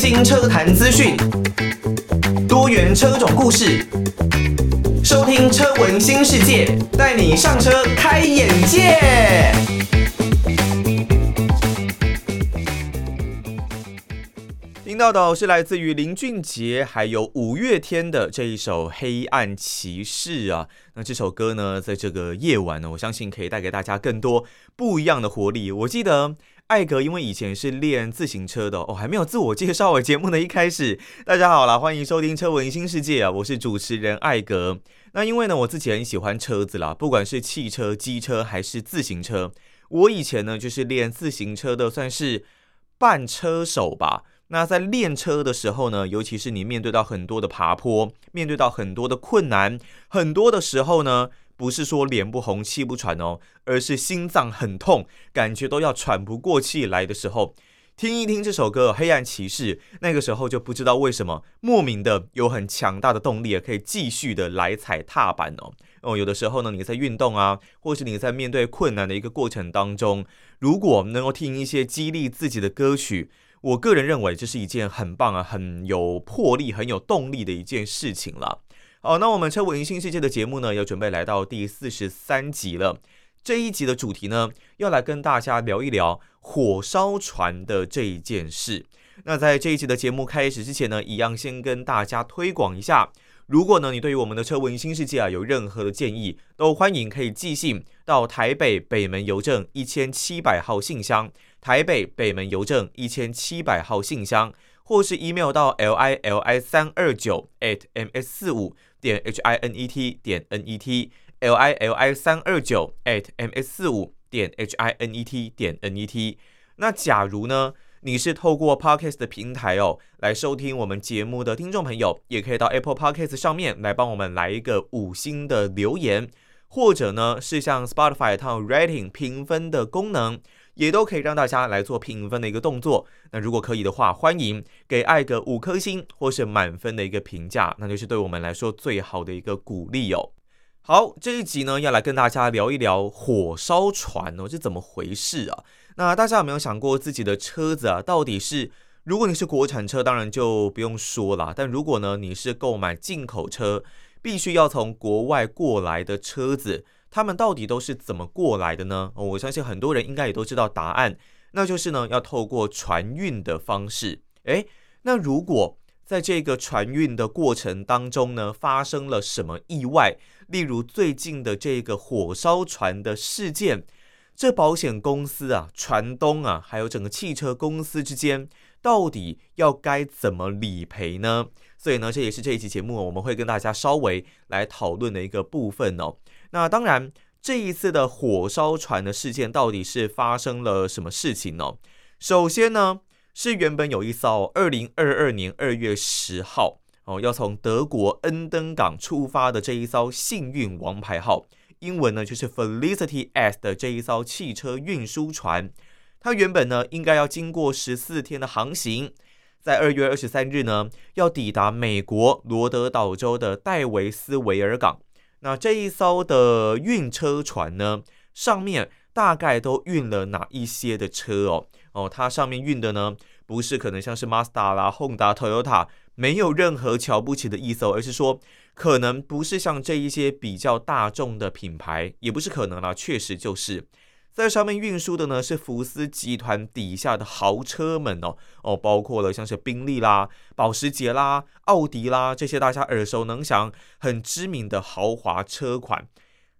新車談資訊，多元車種故事，收聽車聞新世界，帶你上車開眼界。聽到的是來自於林俊傑還有五月天的這一首《黑暗騎士》啊，那這首歌呢，在這個夜晚呢，我相信可以帶給大家更多不一樣的活力。我記得。艾格，因為以前是練自行車的哦，哦，還沒有自我介紹，我節目的一開始，大家好啦，歡迎收聽《車聞新世界》啊，我是主持人艾格。那因為呢，我自己很喜歡車子啦，不管是汽車、機車還是自行車。我以前呢，就是練自行車的，算是半車手吧。那在練車的時候呢，尤其是你面對到很多的爬坡，面對到很多的困難，很多的時候呢。不是說臉不紅氣不喘哦，而是心臟很痛，感覺都要喘不過氣來的時候，聽一聽這首歌《黑暗騎士》，那個時候就不知道為什麼，莫名的有很強大的動力也可以繼續的來踩踏板哦哦。有的時候呢，你在運動啊，或是你在面對困難的一個過程當中，如果能夠聽一些激勵自己的歌曲，我個人認為這是一件很棒啊，很有魄力、很有動力的一件事情了。好，那我們《車文新世界》的節目呢，要準備來到第四十三集了。這一集的主題呢，要來跟大家聊一聊火燒船的這一件事。那在這一集的節目開始之前呢，一樣先跟大家推廣一下：如果呢，你對於我們的《車文新世界》啊有任何的建議，都歡迎可以寄信到台北北門郵政一千七百號信箱，台北北門郵政一千七百號信箱，或是 email 到 l i l i 三二九 atms 四五。點 h i n e t 點 n e t l i l i 三二九 at m s 四五點 h i n e t 點 n e t。那假如呢，你是透過 podcast 的平台哦，來收聽我們節目的聽眾朋友，也可以到 Apple Podcast 上面來幫我們來一個五星的留言，或者呢是像 Spotify 他有 rating 評分的功能。也都可以讓大家來做評分的一個動作。那如果可以的話，歡迎給愛個五顆星或是滿分的一個評價，那就是對我們來說最好的一個鼓勵哦。好，這一集呢要來跟大家聊一聊火燒船哦，這怎麼回事啊？那大家有沒有想過自己的車子啊？到底是如果你是國產車，當然就不用說了。但如果呢你是購買進口車，必須要從國外過來的車子。他們到底都是怎麼過來的呢？哦，我相信很多人應該也都知道答案，那就是呢，要透過船運的方式。誒，那如果在這個船運的過程當中呢，發生了什麼意外，例如最近的這個火燒船的事件，這保險公司啊、船東啊，還有整個汽車公司之間，到底要該怎麼理賠呢？所以呢，這也是這一期節目我們會跟大家稍微來討論的一個部分哦。那當然，這一次的火燒船的事件到底是發生了什麼事情呢？首先呢，是原本有一艘二零二二年二月十號哦，要從德國恩登港出發的這一艘“幸運王牌號”，英文呢就是 “Felicity Ace” 的這一艘汽車運輸船，它原本呢應該要經過十四天的航行，在二月二十三日呢要抵達美國羅德島州的戴維斯維爾港。那這一艘的運車船呢？上面大概都運了哪一些的車哦？哦，它上面運的呢，不是可能像是 Mazda 啦、Honda、Toyota，沒有任何瞧不起的意思哦，而是說，可能不是像這一些比較大眾的品牌，也不是可能啦，確實就是。在上面運輸的呢，是福斯集團底下的豪車們哦哦，包括了像是賓利啦、保時捷啦、奧迪啦這些大家耳熟能詳、很知名的豪華車款，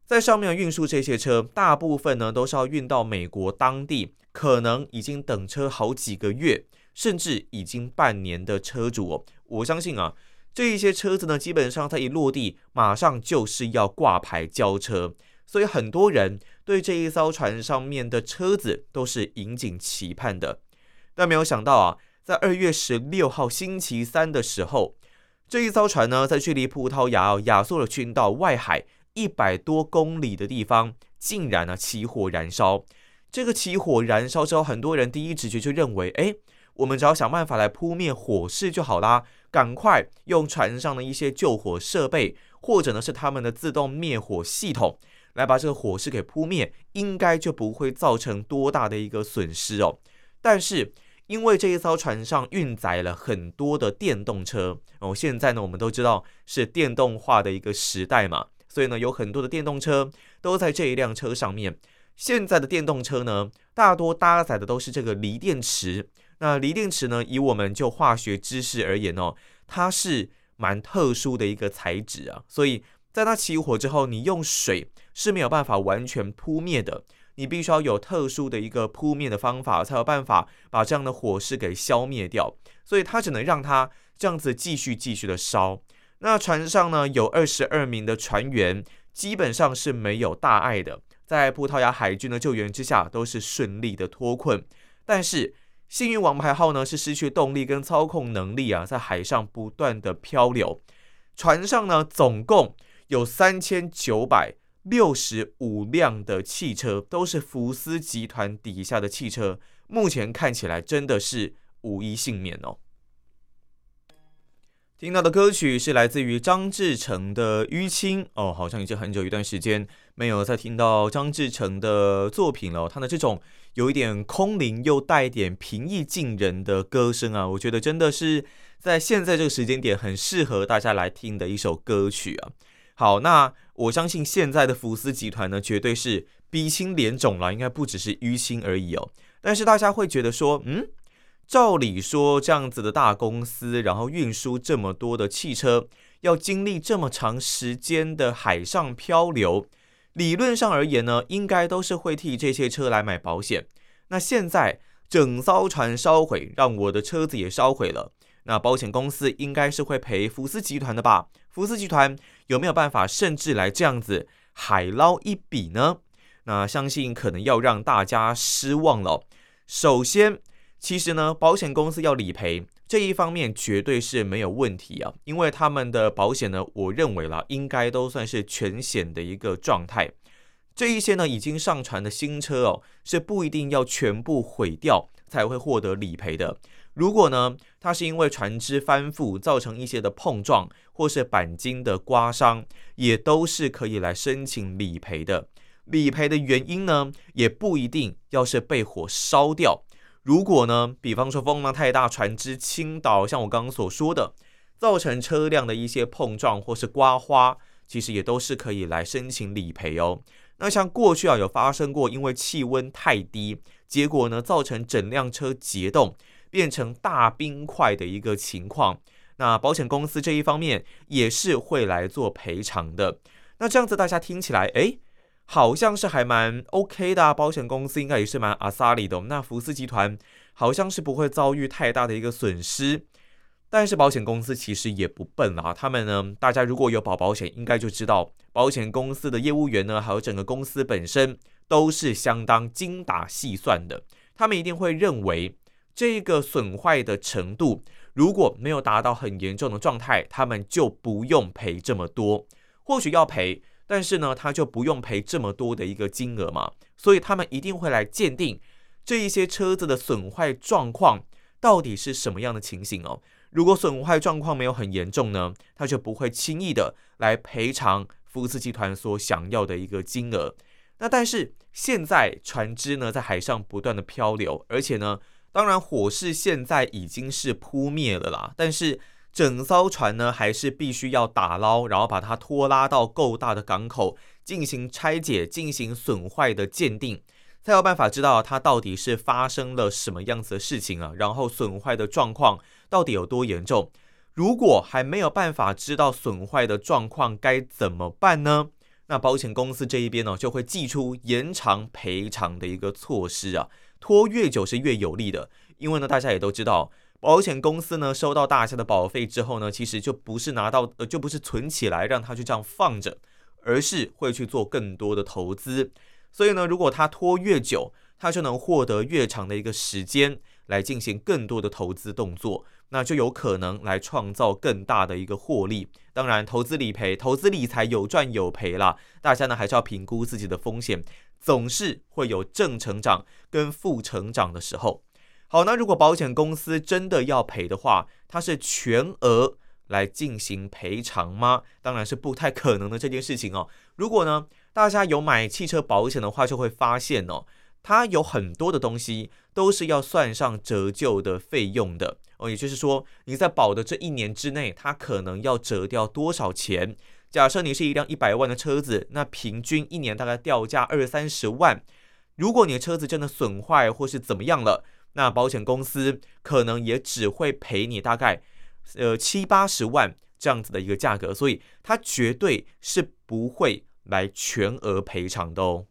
在上面運輸這些車，大部分呢都是要運到美國當地，可能已經等車好幾個月，甚至已經半年的車主哦。我相信啊，這一些車子呢基本上它一落地，馬上就是要掛牌交車。所以很多人對這一艘船上面的車子都是引頸期盼的，但沒有想到啊，在二月十六號星期三的時候，這一艘船呢，在距離葡萄牙亞速爾群島外海一百多公里的地方，竟然呢起火燃燒。這個起火燃燒之後，很多人第一直覺就認為，哎，我們只要想辦法來撲滅火勢就好啦，趕快用船上的一些救火設備，或者呢是他們的自動滅火系統。來把這個火勢給撲滅，應該就不會造成多大的一個損失哦。但是，因為這一艘船上運載了很多的電動車哦，現在呢，我們都知道是電動化的一個時代嘛，所以呢，有很多的電動車都在這一輛車上面。現在的電動車呢，大多搭載的都是這個鋰電池。那鋰電池呢，以我們就化學知識而言哦，它是蠻特殊的一個材質啊，所以。在它起火之後，你用水是沒有辦法完全撲滅的，你必須要有特殊的一個撲滅的方法，才有辦法把這樣的火勢給消滅掉。所以它只能讓它這樣子繼續繼續的燒。那船上呢，有二十二名的船員，基本上是沒有大礙的，在葡萄牙海軍的救援之下，都是順利的脫困。但是幸運王牌號呢，是失去動力跟操控能力啊，在海上不斷的漂流，船上呢總共。有三千九百六十五輛的汽車都是福斯集團底下的汽車，目前看起來真的是無一幸免哦。聽到的歌曲是來自於張智成的《淤青》哦，好像已經很久一段時間沒有再聽到張智成的作品了哦。他的這種有一點空靈又帶一點平易近人的歌聲啊，我覺得真的是在現在這個時間點很適合大家來聽的一首歌曲啊。好，那我相信現在的福斯集團呢，絕對是鼻青臉腫了，應該不只是淤青而已哦。但是大家會覺得說，嗯，照理說這樣子的大公司，然後運輸這麼多的汽車，要經歷這麼長時間的海上漂流，理論上而言呢，應該都是會替這些車來買保險。那現在整艘船燒毀，讓我的車子也燒毀了，那保險公司應該是會賠福斯集團的吧？福斯集團。有沒有辦法，甚至來這樣子海撈一筆呢？那相信可能要讓大家失望了哦。首先，其實呢，保險公司要理賠這一方面絕對是沒有問題啊，因為他們的保險呢，我認為啦，應該都算是全險的一個狀態。這一些呢，已經上船的新車哦，是不一定要全部毀掉才會獲得理賠的。如果呢，它是因為船隻翻覆，造成一些的碰撞或是鈑金的刮傷，也都是可以來申請理賠的。理賠的原因呢，也不一定要是被火燒掉。如果呢，比方說風浪太大，船隻傾倒，像我剛剛所說的，造成車輛的一些碰撞或是刮花，其實也都是可以來申請理賠哦。那像過去啊，有發生過因為氣溫太低，結果呢，造成整輛車結凍。變成大冰塊的一個情況，那保險公司這一方面也是會來做賠償的。那這樣子大家聽起來，哎、欸，好像是還蠻 OK 的啊。保險公司應該也是蠻阿 s i 的。那福斯集團好像是不會遭遇太大的一個損失，但是保險公司其實也不笨啊。他們呢，大家如果有保保險，應該就知道保險公司的業務員呢，還有整個公司本身都是相當精打細算的。他們一定會認為。這個損壞的程度，如果沒有達到很嚴重的狀態，他們就不用賠這麼多。或許要賠，但是呢，他就不用賠這麼多的一個金額嘛。所以他們一定會來鑑定這一些車子的損壞狀況到底是什麼樣的情形哦。如果損壞狀況沒有很嚴重呢，他就不會輕易的來賠償福斯集團所想要的一個金額。那但是現在船只呢，在海上不斷的漂流，而且呢。當然，火勢現在已經是撲滅了啦，但是整艘船呢，還是必須要打撈，然後把它拖拉到夠大的港口進行拆解、進行損壞的鑑定，才有辦法知道它到底是發生了什麼樣子的事情啊，然後損壞的狀況到底有多嚴重。如果還沒有辦法知道損壞的狀況，該怎麼辦呢？那保險公司這一邊呢，就會祭出延長賠償的一個措施啊。拖越久是越有利的，因為呢，大家也都知道，保險公司呢，收到大家的保費之後呢，其實就不是拿到呃，就不是存起來讓它去這樣放着，而是會去做更多的投資。所以呢，如果它拖越久，它就能獲得越長的一個時間來進行更多的投資動作，那就有可能來創造更大的一個獲利。當然，投資理賠、投資理財有賺有賠啦，大家呢還是要評估自己的風險。總是會有正成長跟負成長的時候。好，那如果保險公司真的要賠的話，它是全額來進行賠償嗎？當然是不太可能的這件事情哦。如果呢，大家有買汽車保險的話，就會發現哦，它有很多的東西都是要算上折舊的費用的哦。也就是說，你在保的這一年之內，它可能要折掉多少錢？假設你是一輛一百萬的車子，那平均一年大概掉價二三十萬。如果你的車子真的損壞或是怎麼樣了，那保險公司可能也只會賠你大概呃七八十萬這樣子的一個價格，所以他絕對是不會來全額賠償的哦。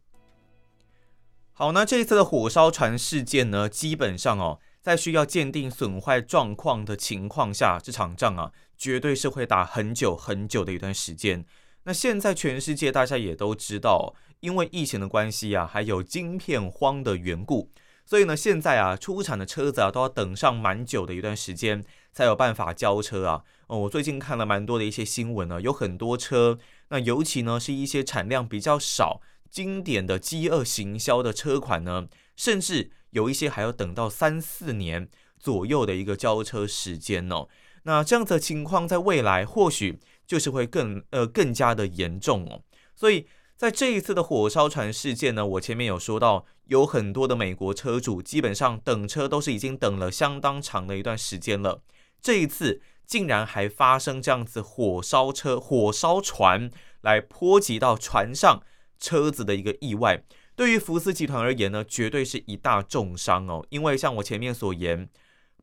好，那這一次的火燒船事件呢，基本上哦。在需要鑑定損壞狀況的情況下，這場仗啊，絕對是會打很久很久的一段時間。那現在全世界大家也都知道，因為疫情的關係啊，還有晶片荒的緣故，所以呢，現在啊，出產的車子啊，都要等上蠻久的一段時間，才有辦法交車啊。哦，我最近看了蠻多的一些新聞呢，啊，有很多車，那尤其呢，是一些產量比較少、經典的飢餓行銷的車款呢，甚至。有一些還要等到三四年左右的一個交車時間哦，那這樣子的情況在未來或許就是會更呃更加的嚴重哦。所以在這一次的火燒船事件呢，我前面有說到，有很多的美國車主基本上等車都是已經等了相當長的一段時間了，這一次竟然還發生這樣子火燒車、火燒船來波及到船上車子的一個意外。對於福斯集團而言呢，絕對是一大重傷哦，因為像我前面所言，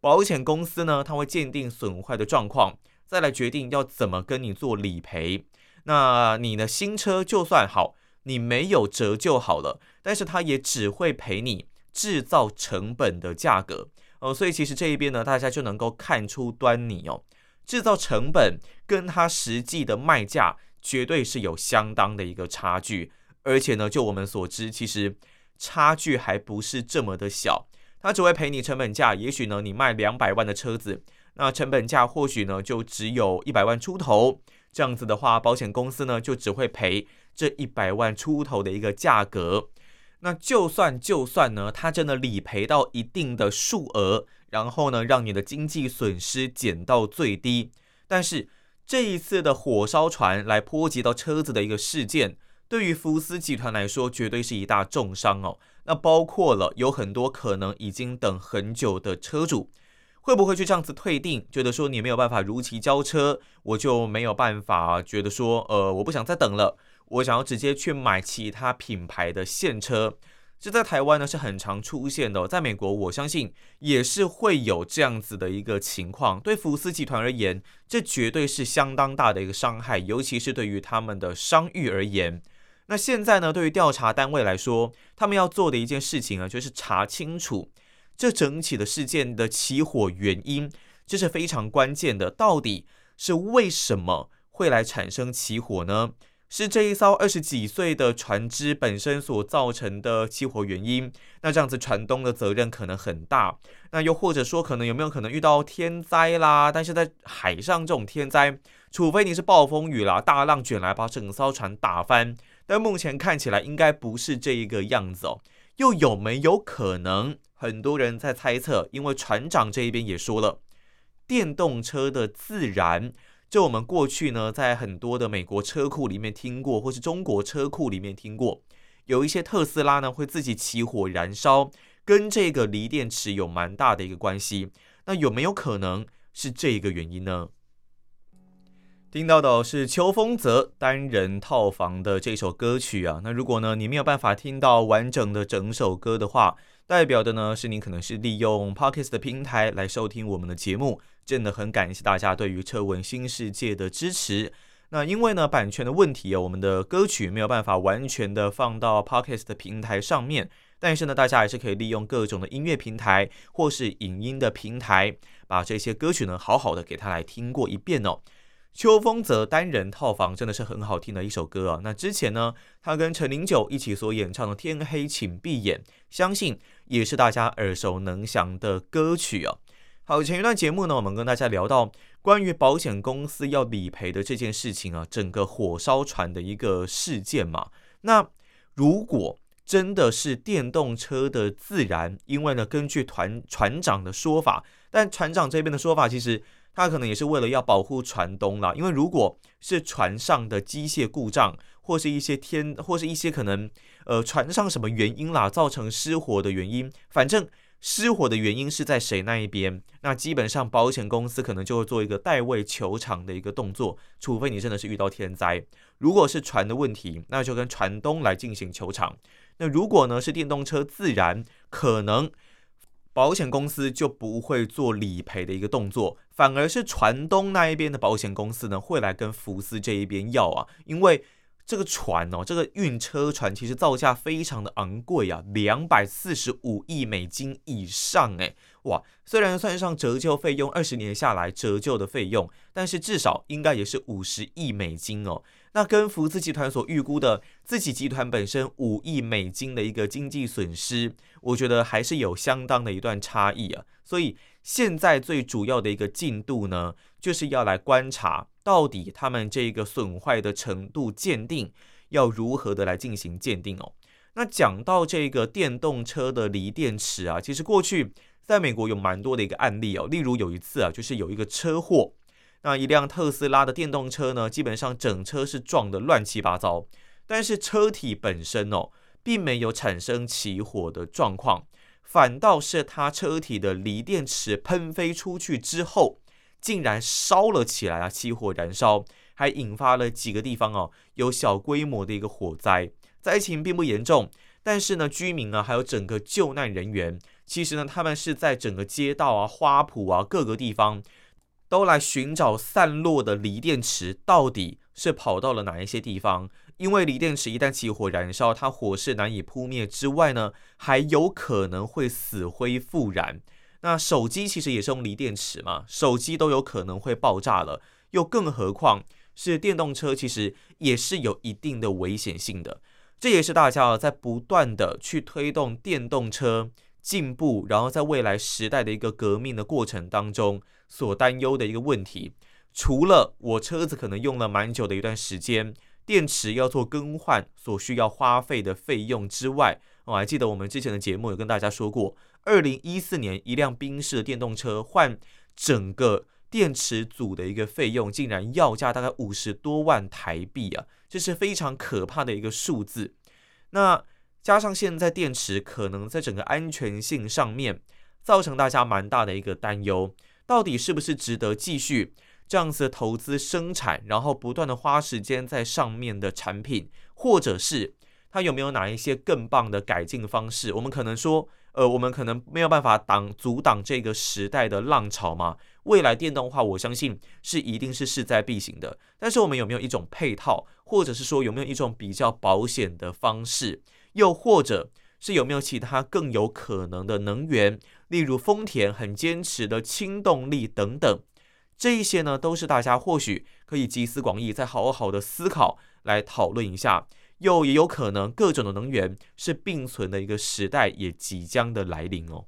保險公司呢，它會鑑定損壞的狀況，再來決定要怎麼跟你做理賠。那你的新車就算好，你沒有折舊好了，但是它也只會賠你制造成本的價格哦，呃，所以其實這一邊呢，大家就能夠看出端倪哦，制造成本跟它實際的賣價絕對是有相當的一個差距。而且呢，就我們所知，其實差距還不是這麼的小。他只會賠你成本價。也許呢，你賣兩百萬的車子，那成本價或許呢就只有一百萬出頭。這樣子的話，保險公司呢就只會賠這一百萬出頭的一個價格。那就算就算呢，他真的理賠到一定的數額，然後呢，讓你的經濟損失減到最低。但是這一次的火燒船來波及到車子的一個事件。對於福斯集團來說，絕對是一大重傷哦。那包括了有很多可能已經等很久的車主，會不會去這樣子退訂？覺得說你沒有辦法如期交車，我就沒有辦法，覺得說，呃，我不想再等了，我想要直接去買其他品牌的現車。這在台灣呢是很常出現的。哦，在美國我相信也是會有這樣子的一個情況。對福斯集團而言，這絕對是相當大的一個傷害，尤其是對於他們的商譽而言。那現在呢？對於調查單位來說，他們要做的一件事情啊，就是查清楚這整起的事件的起火原因，這是非常關鍵的。到底是為什麼會來產生起火呢？是這一艘二十幾歲的船隻本身所造成的起火原因？那這樣子船東的責任可能很大。那又或者說，可能有沒有可能遇到天災啦？但是在海上這種天災，除非你是暴風雨啦，大浪捲來把整艘船打翻。但目前看起來應該不是這一個樣子哦，又有沒有可能？很多人在猜測，因為船長這一邊也說了，電動車的自燃，就我們過去呢，在很多的美國車庫裡面聽過，或是中國車庫裡面聽過，有一些特斯拉呢會自己起火燃燒，跟這個鋰電池有蠻大的一個關係。那有沒有可能是這個原因呢？聽到的是邱峰澤單人套房的這首歌曲啊。那如果呢，你沒有辦法聽到完整的整首歌的話，代表的呢是你可能是利用 Pocket 的平台來收聽我們的節目。真的很感謝大家對於車文新世界的支持。那因為呢，版權的問題啊、哦，我們的歌曲沒有辦法完全的放到 Pocket 的平台上面。但是呢，大家還是可以利用各種的音樂平台或是影音的平台，把這些歌曲呢好好的給他來聽過一遍哦。邱鋒澤單人套房真的是很好聽的一首歌啊！那之前呢，他跟陳零九一起所演唱的《天黑請閉眼》，相信也是大家耳熟能詳的歌曲啊。好，前一段節目呢，我們跟大家聊到關於保險公司要理賠的這件事情啊，整個火燒船的一個事件嘛。那如果真的是電動車的自燃，因為呢，根據團船長的說法，但船長這邊的說法其實。他可能也是為了要保護船東啦，因為如果是船上的機械故障，或是一些天，或是一些可能，呃，船上什麼原因啦，造成失火的原因，反正失火的原因是在誰那一邊，那基本上保險公司可能就會做一個代位求償的一個動作，除非你真的是遇到天災，如果是船的問題，那就跟船東來進行求償，那如果呢是電動車自燃，可能保險公司就不會做理賠的一個動作。反而是船東那一邊的保險公司呢，會來跟福斯這一邊要啊，因為這個船哦，這個運車船其實造價非常的昂貴啊，兩百四十五億美金以上哎，哇，雖然算上折舊費用，二十年下來折舊的費用，但是至少應該也是五十億美金哦。那跟福斯集團所預估的自己集團本身五億美金的一個經濟損失，我覺得還是有相當的一段差異啊。所以現在最主要的一個進度呢，就是要來觀察到底他們這個損壞的程度鑑定要如何的來進行鑑定哦。那講到這個電動車的鋰電池啊，其實過去在美國有蠻多的一個案例哦，例如有一次啊，就是有一個車禍。那一輛特斯拉的電動車呢，基本上整車是撞得亂七八糟，但是車體本身哦，並沒有產生起火的狀況，反倒是它車體的鋰電池噴飛出去之後，竟然燒了起來啊，起火燃燒，還引發了幾個地方哦，有小規模的一個火災，災情並不嚴重，但是呢，居民呢、啊，還有整個救難人員，其實呢，他們是在整個街道啊、花圃啊，各個地方。都來尋找散落的鋰電池，到底是跑到了哪一些地方？因為鋰電池一旦起火燃燒，它火勢難以撲滅之外呢，還有可能會死灰復燃。那手機其實也是用鋰電池嘛，手機都有可能會爆炸了，又更何況是電動車，其實也是有一定的危險性的。這也是大家在不斷地去推動電動車進步，然後在未來時代的一個革命的過程當中，所擔憂的一個問題，除了我車子可能用了蠻久的一段時間，電池要做更換所需要花費的費用之外，我還記得我們之前的節目有跟大家說過，二零一四年一輛賓士的電動車換整個電池組的一個費用，竟然要價大概五十多萬台幣啊，這是非常可怕的一個數字。那加上現在電池可能在整個安全性上面，造成大家蠻大的一個擔憂。到底是不是值得繼續這樣子的投資生產，然後不斷的花時間在上面的產品，或者是它有沒有哪一些更棒的改進方式？我們可能說，呃，我們可能沒有辦法擋，阻擋這個時代的浪潮嘛。未來電動化，我相信是一定是勢在必行的。但是我們有沒有一種配套，或者是說有沒有一種比較保險的方式，又或者是有沒有其他更有可能的能源？例如豐田很堅持的氫動力等等。這一些呢，都是大家或許可以集思廣益，再好好的思考來討論一下，又也有可能各種的能源是並存的一個時代也即將的來臨哦。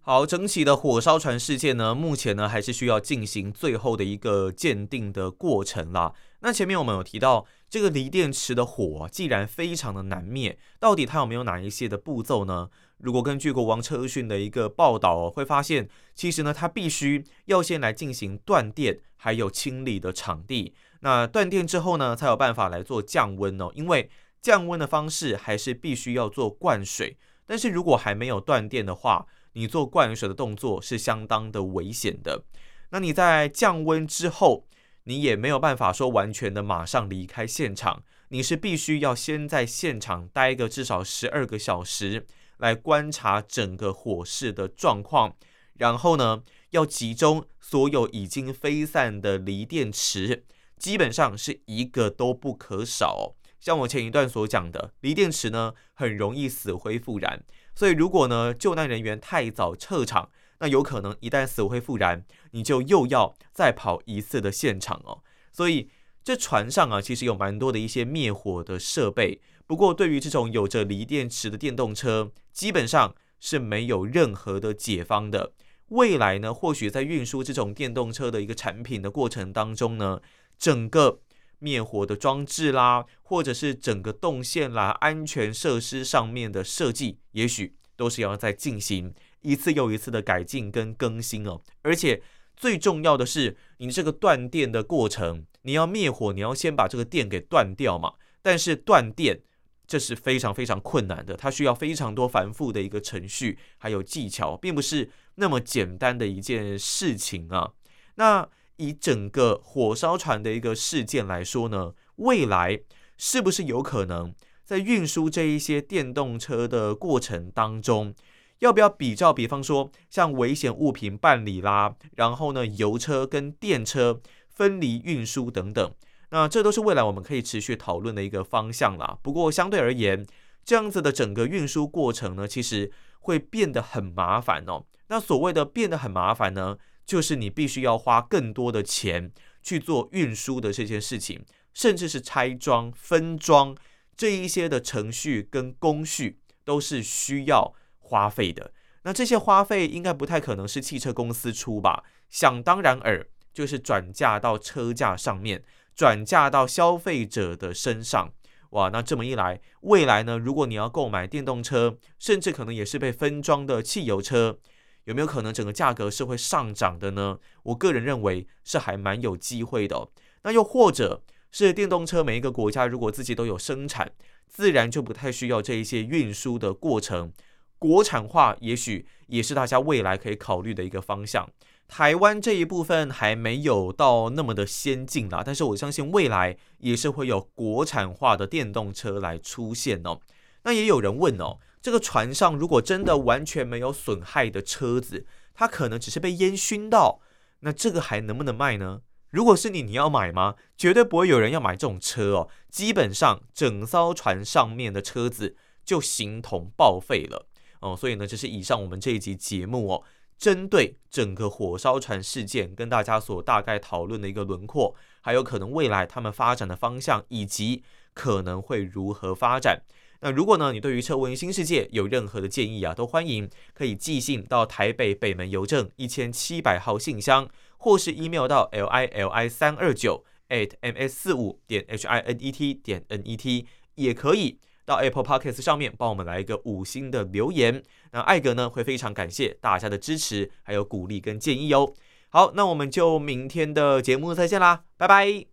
好，整體的火燒船事件呢，目前呢還是需要進行最後的一個鑑定的過程啦。那前面我們有提到這個鋰電池的火，既然非常的難滅，到底它有沒有哪一些的步驟呢？如果根據國王車訊的一個報道哦，會發現其實呢，它必須要先來進行斷電，還有清理的場地。那斷電之後呢，才有辦法來做降溫哦。因為降溫的方式還是必須要做灌水。但是如果還沒有斷電的話，你做灌水的動作是相當的危險的。那你在降溫之後，你也沒有辦法說完全的馬上離開現場，你是必須要先在現場待個至少十二個小時。來觀察整個火勢的狀況，然後呢，要集中所有已經飛散的鋰電池，基本上是一個都不可少。像我前一段所講的，鋰電池呢，很容易死灰復燃，所以如果呢，救難人員太早撤場，那有可能一旦死灰復燃，你就又要再跑一次的現場哦。所以這船上啊，其實有蠻多的一些滅火的設備。不過，對於這種有着鋰電池的電動車，基本上是沒有任何的解方的。未來呢，或許在運輸這種電動車的一個產品的過程當中呢，整個滅火的裝置啦，或者是整個動線啦，安全設施上面的設計，也許都是要再進行一次又一次的改進跟更新哦。而且最重要的是，你這個斷電的過程，你要滅火，你要先把這個電給斷掉嘛。但是斷電。這是非常非常困難的，它需要非常多繁複的一個程序，還有技巧，並不是那麼簡單的一件事情啊。那以整個火燒船的一個事件來說呢，未來是不是有可能在運輸這一些電動車的過程當中，要不要比照比方說像危險物品辦理啦，然後呢油車跟電車分離運輸等等？那這都是未來我們可以持續討論的一個方向啦、啊。不過相對而言，這樣子的整個運輸過程呢，其實會變得很麻煩哦。那所謂的變得很麻煩呢，就是你必須要花更多的錢去做運輸的這些事情，甚至是拆裝、分裝這一些的程序跟工序都是需要花費的。那這些花費應該不太可能是汽車公司出吧？想當然爾，就是轉嫁到車價上面。轉嫁到消費者的身上，哇，那這麼一來，未來呢？如果你要購買電動車，甚至可能也是被分裝的汽油車，有沒有可能整個價格是會上漲的呢？我個人認為是還蠻有機會的哦。那又或者是電動車，每一個國家如果自己都有生產，自然就不太需要這一些運輸的過程，國產化也許也是大家未來可以考慮的一個方向。台灣這一部分還沒有到那麼的先進啦，但是我相信未來也是會有國產化的電動車來出現哦。那也有人問哦，這個船上如果真的完全沒有損害的車子，它可能只是被煙燻到，那這個還能不能賣呢？如果是你，你要買嗎？絕對不會有人要買這種車哦。基本上，整艘船上面的車子就形同報廢了哦。所以呢，這是以上我們這一集節目哦。針對整個火燒船事件，跟大家所大概討論的一個輪廓，還有可能未來他們發展的方向，以及可能會如何發展。那如果呢，你對於車問新世界有任何的建議啊，都歡迎可以寄信到台北北門郵政一千七百號信箱，或是 email 到 l i l i 三二九 at m s 四五點 h i n e t 點 n e t，也可以。到 Apple Podcast 上面幫我們來一個五星的留言，那艾格呢會非常感謝大家的支持，還有鼓勵跟建議哦。好，那我們就明天的節目再見啦，拜拜。